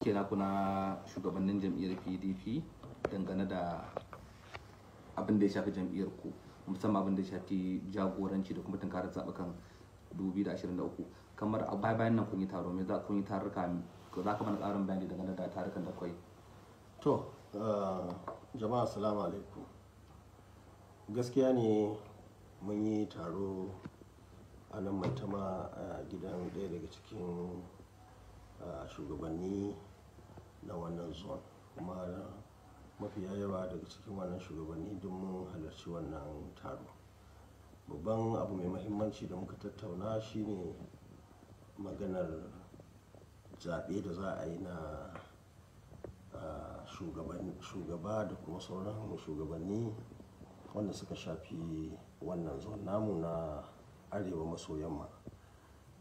kira kuna shugabannin jam'iyyar pdp dangane da abin da ya shafi jam'iyyar ku musamman abin da ya shafi jagoranci da kuma tunkarar zaɓukan 2023 kamar a baya bayan nan kun yi taro me za kun yi taruka za ka mana ƙarin bayani dangane da tarukan da kwai to eh, jama'a assalamu alaikum gaskiya ne mun yi taro a nan mutum a gidan ɗaya daga cikin eh, shugabanni na wannan zuwan kuma mafiya yawa daga cikin wannan shugabanni duk mun halarci wannan taro babban abu mai mahimmanci da muka tattauna shine maganar zaɓe da za a yi na shugaba da kuma sauran shugabanni wanda suka shafi wannan zuwan namu na arewa maso yamma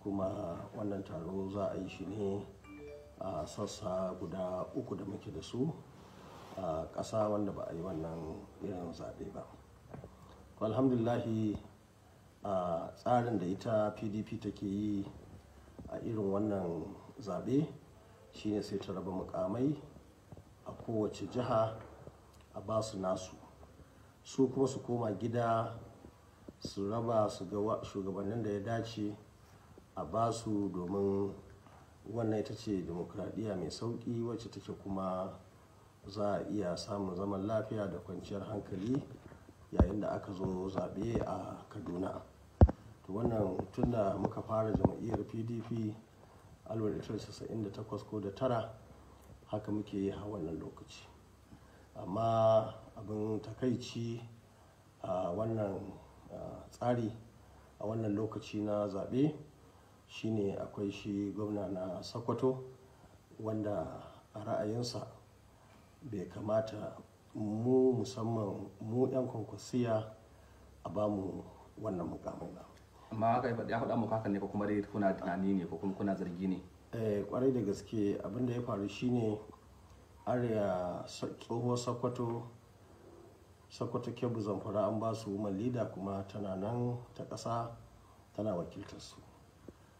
kuma wannan taro za a yi shi ne a sassa guda uku da muke da su a ƙasa wanda ba a yi wannan irin zaɓe ba alhamdulahi a tsarin da ita pdp take yi a irin wannan zaɓe shine sai ta raba mukamai a kowace jiha a basu nasu su kuma su koma gida su raba su ga shugabannin da ya dace a basu domin wannan ita ce demokradiyya mai sauƙi wacce take kuma za a iya samun zaman lafiya da kwanciyar hankali yayin da aka zo zaɓe a kaduna to wannan tun da muka fara jam'iyyar pdp 1998 ko da tara haka muke yi a wannan lokaci amma abin takaici a wannan tsari a wannan lokaci na zaɓe shine akwai shi gwamna na sokoto wanda a ra'ayinsa bai kamata mu musamman mu 'yan kwankwasiya a mu wannan mukamin ba amma haka ya faɗa muka hakan ne ko kuma dai kuna tunani ne ko kuma kuna zargi ne eh kwarai da gaske abin da ya faru shine arya tsohuwar sokoto sokoto kebu zamfara an ba su woman leader kuma tana nan ta ƙasa tana wakiltar su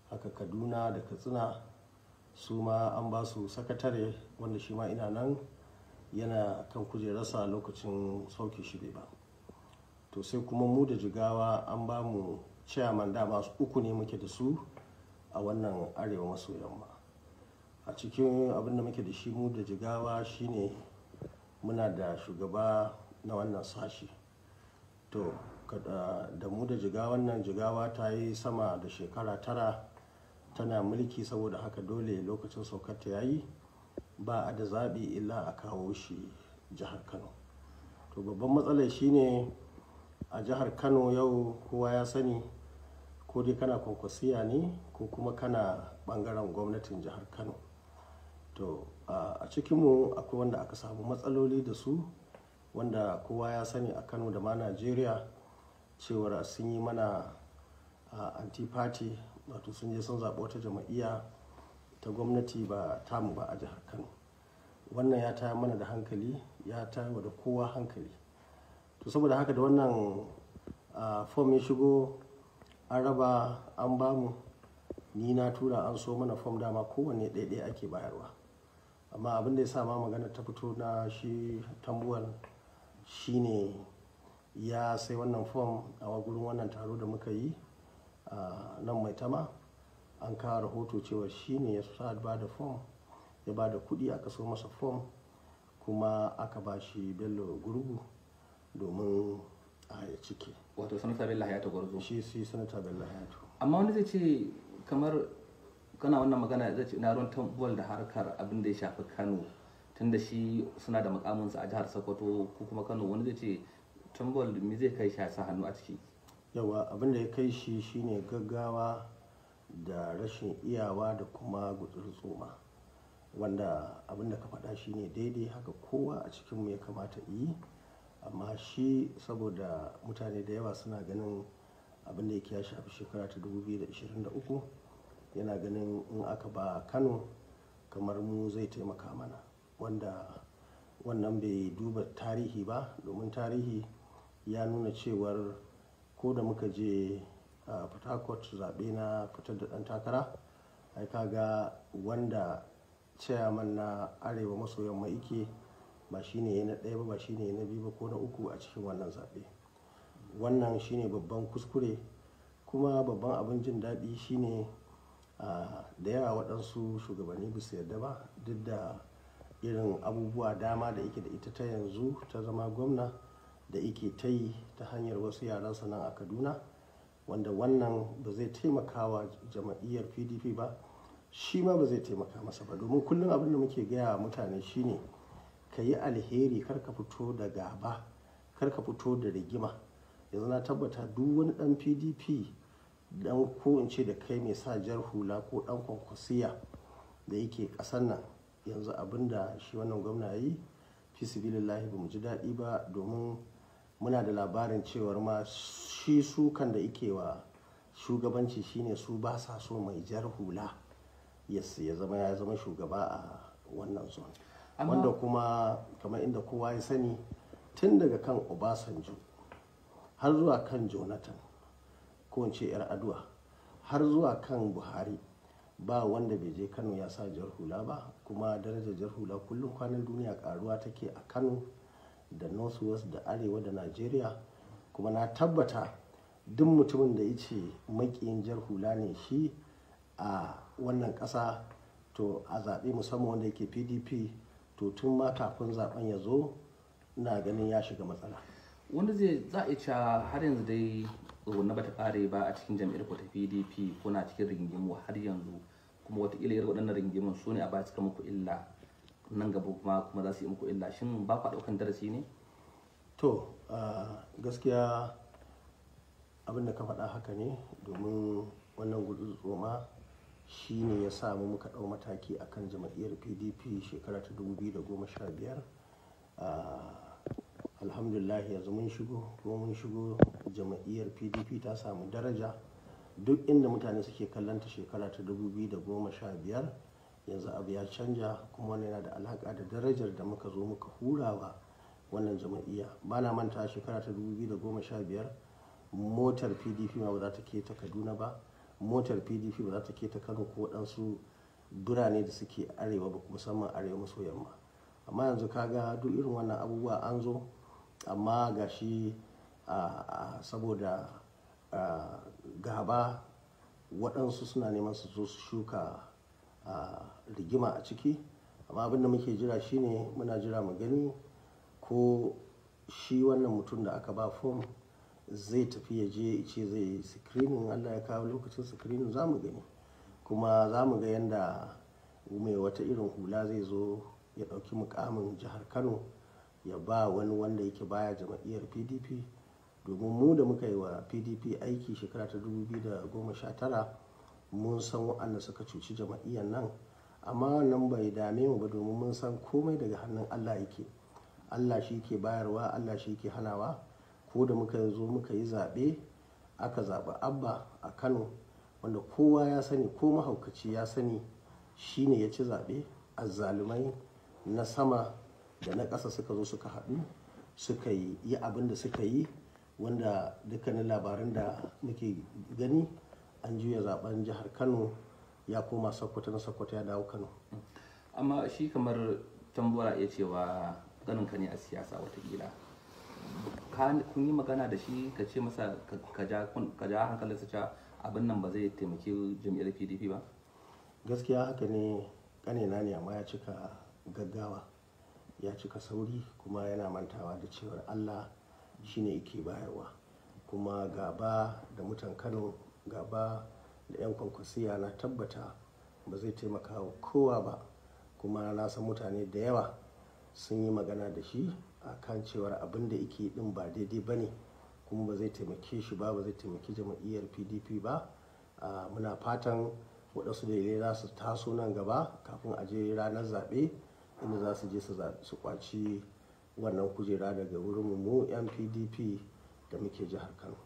haka kaduna da katsina su ma an ba su sakatare wanda shi ma ina nan yana kan kujerarsa lokacin sauke shi bai ba to sai kuma mu da jigawa an ba mu chairman masu uku ne muke da su a wannan arewa maso yamma a cikin abin da muke da shi mu da jigawa shine muna da shugaba na wannan sashi to da mu da Jigawa wannan jigawa ta yi sama da shekara tara tana mulki saboda haka dole lokacin saukar ta yayi ba a da zaɓi illa a kawo shi jihar kano to babban matsalar shine a jihar kano yau kowa ya sani ko dai kana kwankwasiya ne ko kuma kana bangaren gwamnatin jihar kano to a cikinmu akwai wanda aka samu matsaloli da su wanda kowa ya sani a kano da ma najeriya cewar sun yi mana anti-party wato sun je sun zaɓi wata jama'iyya ta gwamnati ba tamu ba a jihar kano wannan ya taya mana da hankali ya taya da kowa hankali to saboda haka da wannan fom ya shigo an raba an bamu ni na tura an so mana fom dama kowanne ɗaiɗaya ake bayarwa amma abin da ya sa ma magana ta fito na shi tambuwan shine ya sai wannan fom a gurin wannan taro da muka yi nan mai tama an kawo rahoto cewa shi ne ya sa ba da fom ya ba da kuɗi aka so masa fom kuma aka ba shi bello gurgu domin a ya cike wato sanata bello ta gurgu shi si sanata bello hayatu amma wani zai ce kamar kana wannan magana zai ce na ruwan tambuwal da harkar abin da ya shafi kano tunda shi suna da makaminsa a jihar sokoto ko kuma kano wani zai ce tambuwal me zai kai shi hannu a ciki yawa abin da ya kai shi shine gaggawa da rashin iyawa da kuma gutsuri tsoma wanda abin da ka faɗa shine daidai haka kowa a cikinmu ya kamata yi amma shi saboda mutane da yawa suna ganin abin da yake ya shafi shekara ta 2023 yana ganin in aka ba kano kamar mu zai taimaka mana wanda wannan bai duba tarihi ba domin tarihi ya nuna cewar ko da muka je a zaɓe na fitar da ɗan takara ai kaga wanda chairman na arewa maso yamma ike ba shine ya na ɗaya ba ba shine ya na biyu ba ko na uku a cikin wannan zaɓe wannan shine babban kuskure kuma babban abin jin daɗi shine da yawa waɗansu shugabanni ba su yarda ba duk da irin abubuwa dama da ike da ita ta yanzu ta zama gwamna da yake ta yi ta hanyar wasu yaran nan a kaduna wanda wannan ba zai taimaka wa jama'iyyar pdp ba shi ma ba zai taimaka masa ba domin kullum abin da muke gaya mutane shine ka yi alheri kar ka fito da gaba kar ka fito da rigima yanzu na tabbata duk wani dan pdp dan ko in ce da kai mai sa jar hula ko dan kwankwasiya da yake kasan nan yanzu abin da shi wannan gwamna ya yi fi lahi ba mu ji daɗi ba domin muna da labarin cewar ma shi sukan da ike wa shugabanci shine su ba sa so mai jar hula yes ya zama ya zama shugaba a wannan zon wanda kuma kamar inda kowa ya sani tun daga kan obasanjo har zuwa kan jonathan ko ce yar aduwa har zuwa kan buhari ba wanda bai je kano ya sa jar hula ba kuma darajar jar hula kullum kwanan duniya karuwa take a kano da north west da arewa da nigeria kuma na tabbata duk mutumin da ya ce makiyin jar hula ne shi a wannan ƙasa to a zaɓe musamman wanda yake pdp to tun ma kafin zaben ya zo na ganin ya shiga matsala wanda zai za a ce har yanzu dai tsohon bata kare ba a cikin jam'iyyar ko ta pdp kuna cikin ringimu har yanzu kuma wataƙila irin waɗannan rigingimun su ne a ba suka muku illa nan gaba kuma kuma za su yi muku illa shin ba ku ɗaukan darasi ne to gaskiya abin da ka faɗa haka ne domin wannan gudunzoma shi ne ya samu muka ɗau mataki a kan jam'iyyar pdp shekara ta 2015 alhamdulillah yanzu mun shigo kuma mun shigo jama'iyyar pdp ta samu daraja duk inda mutane suke kallanta shekara ta 2015 yanzu abu ya canja kuma wannan yana da alaƙa da darajar da muka zo muka hura hurawa wannan jama'iyya ba na manta shekara ta 2015 motar pdp ma ba za ta keta kaduna ba motar pdp ba za ta keta kano ko waɗansu birane da suke arewa ba musamman arewa maso yamma amma yanzu ga duk irin wannan abubuwa an zo amma ga shi saboda gaba waɗansu suna neman su zo su shuka A rigima a ciki amma abin da muke jira shine muna jira mu gani ko shi wannan mutum da aka ba fom zai tafi ya je ce zai yi screening allah ya kawo lokacin screening za mu gani kuma za mu ga yadda mai wata irin hula zai zo ya ɗauki mukamin jihar kano ya ba wani wanda yake baya jam'iyyar pdp domin mu da muka yi wa pdp aiki shekara ta 2019 mun san wa'anda suka cuci jama'iyyar nan amma wannan bai dame mu ba domin mun san komai daga hannun allah yake allah shi ke bayarwa allah shi ke hanawa ko da muka zo muka yi zaɓe aka zaɓi abba a kano wanda kowa ya sani ko mahaukaci ya sani shi ne ya ci zaɓe azzalumai na sama da na ƙasa suka zo suka haɗu suka yi abin da suka yi wanda dukkanin labarin da muke gani an juya zaben jihar kano ya koma sokoto na sokoto ya dawo kano amma shi kamar tambora ya cewa ka ne a siyasa watakila kun yi magana da shi ka ce masa ka ja su ca abin nan ba zai taimaki jam'iyyar pdp ba gaskiya haka ne kanina ne amma ya cika gaggawa ya cika sauri kuma yana mantawa da cewar allah shine yake bayarwa kuma gaba da mutan kano gaba da 'yan kwankwasiya na tabbata ba zai taimaka wa kowa ba kuma na san mutane da yawa sun yi magana da shi a kan cewar abin da yake din ba daidai ba ne kuma ba zai taimake shi ba ba zai taimaki jam'iyyar pdp ba a muna fatan waɗansu dalilai za su taso nan gaba kafin a je ranar zaɓe inda za su je su kwaci wannan kujera daga wurin mu 'yan pdp da muke jihar kano